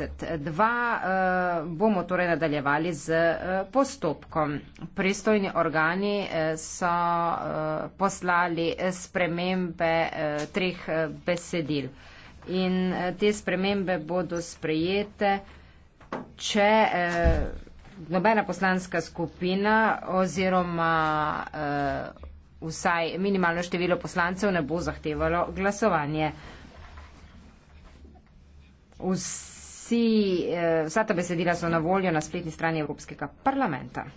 2022 eh, bomo torej nadaljevali z eh, postopkom. Pristojni organi eh, so poslali spremembe treh besedil in te spremembe bodo sprejete, če nobena poslanska skupina oziroma vsaj minimalno število poslancev ne bo zahtevalo glasovanje vsi, eh, vsa ta besedila so na voljo na spletni strani Evropskega parlamenta.